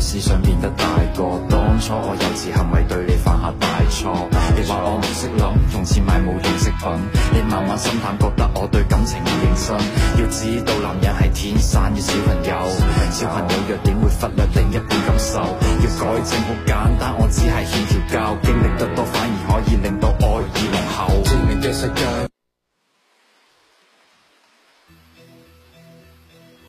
思想變得大個，當初我幼稚行為對你犯下大錯。你話我唔識諗，用錢買無用飾品。你慢慢心淡，覺得我對感情唔認真。要知道男人係天生嘅小朋友，小朋友弱點會忽略另一半感受。要改正好簡單，我只係欠調教，經歷得多反而可以令到愛意濃厚。志明嘅世界。